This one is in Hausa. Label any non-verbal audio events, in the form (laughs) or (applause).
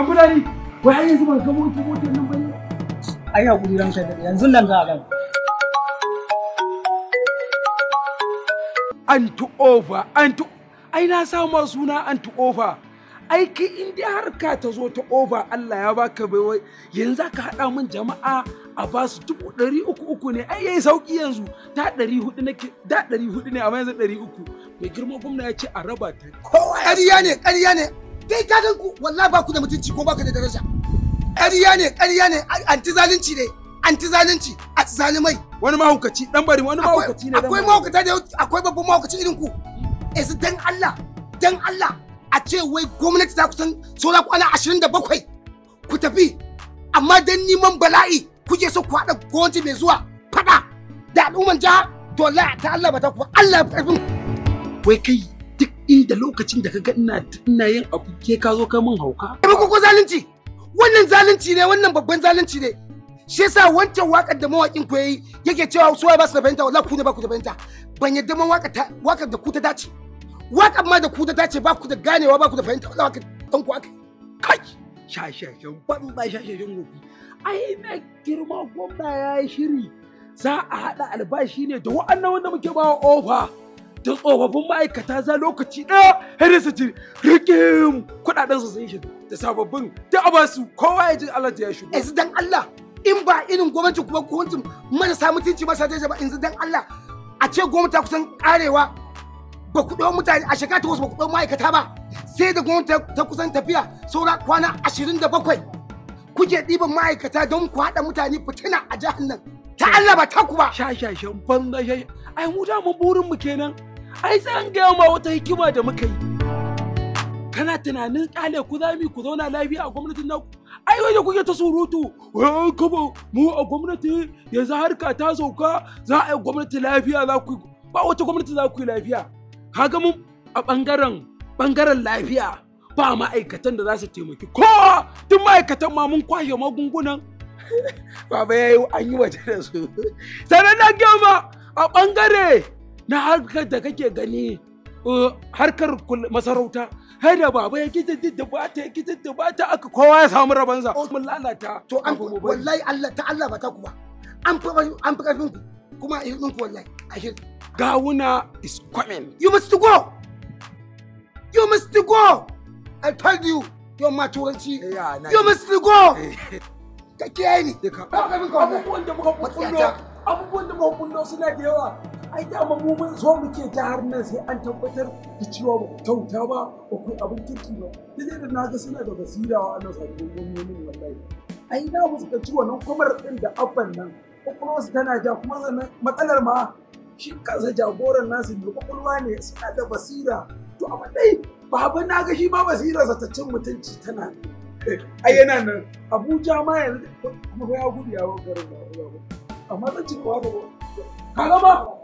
Kan fulani, wai motar nan Ai yanzu nan za a gani. Anti anti ai na samu suna anti over. Ai in dai harka ta zo ta over Allah ya baka wai yanzu ka haɗa min jama'a a ba su dubu ɗari ne ai yayi sauki yanzu ta ɗari nake da ɗari ne amma yanzu ɗari mai girma gwamna ya ce a raba ta. Kowa ne ƙarya ne. dai kagan ku wallahi ba ku da mutunci ko ba ku da daraja ƙarya ne ƙarya ne anti zalunci ne anti zalunci a zalimai wani mahaukaci dan bari wani mahaukaci ne akwai mahaukata da akwai babban mahaukaci irin ku eh su dan Allah dan Allah a ce wai gwamnati ta kusan saura kwana 27 ku tafi amma dan neman bala'i kuke so ku haɗa gwamnati mai zuwa fada da al'umman jiha to Allah ta Allah ba ta ku Allah ya wai kai inda lokacin da kaga ina ina yin abu ke ka zo ka min hauka ba ko zalunci wannan zalunci ne wannan babban zalunci ne shi yasa wancan wakar da mawakin ku yayi yake cewa su ba su da fahimta wallahi ku ne ba ku da fahimta ban yadda man wakar ta wakar da ku ta dace wakar ma da ku ta dace ba ku da ganewa ba ku da fahimta wallahi wakar dan ku aka kai shashashen ban ba shashashen gobe ai me girma gwamna yayi shiri za a haɗa albashi ne da wa'annan wanda muke bawa ofa da tsofaffin ma'aikata za lokaci ɗaya har su ji rikim kuɗaɗen su sun shiga da sababbin da a ba su kowa ya ji Allah ya shigo. Yanzu dan Allah in ba irin gwamnati kuma gwamnatin marasa mutunci sa ta ba yanzu dan Allah a ce gwamnati ta kusan karewa ba ku ɗau mutane a shekara wasu ba ku ɗau ma'aikata ba sai da gwamnati ta kusan tafiya saura kwana ashirin da bakwai kuke ɗiban ma'aikata don ku haɗa mutane fitina a jihar nan ta Allah ba ta ku ba. Shashashan banza sha ai mu da mu burin mu kenan. ai zan gaya ma wata hikima da muka yi kana tunanin kale ku zami ku zauna lafiya a gwamnatin naku ai wai da kuke ta surutu eh, kuma mu a gwamnati yanzu harka ta sauka za a yi gwamnati lafiya za ku ba wata gwamnati za ku yi lafiya kaga mun a bangaren bangaren lafiya ba ma'aikatan da za su taimaki kowa duk ma'aikatan ma mun kwashe magungunan (laughs) baba yayi an yi waje da su sanan na gama a bangare na harkar da kake gani eh, harkar masarauta hai da baba ya kita gidi diddaba ta ya gidi diddaba ta aka kowa ya samu rabansa mun lalata to an wallahi Allah ta Allah bata kuma an fi an fi karfin ku kuma a yi ku wallahi ashir gawuna is coming you must go you must go i told you your maturity eh, you must go eh. ka kiyaye ka abubuwan da muka kullo abubuwan da muka kullo suna da yawa ai dama mu mun zo muke ta har nan sai an tabbatar da cewa ba kyauta ba ba kai abin kirki ba da da na ga suna da basira wa annan sabbin gwamnonin wallahi ai da mu suka ci wannan kwamar din da abban nan su tana ja kuma sannan matsalar ma shi kansa jagoran nasu mai kwakwalwa ne suna da basira to amma dai babu na ga shi ma basirarsa ta cin mutunci tana ai yana nan abuja ma yanzu kuma ya gudu ya wani garin amma zan ci gaba ba kaga ba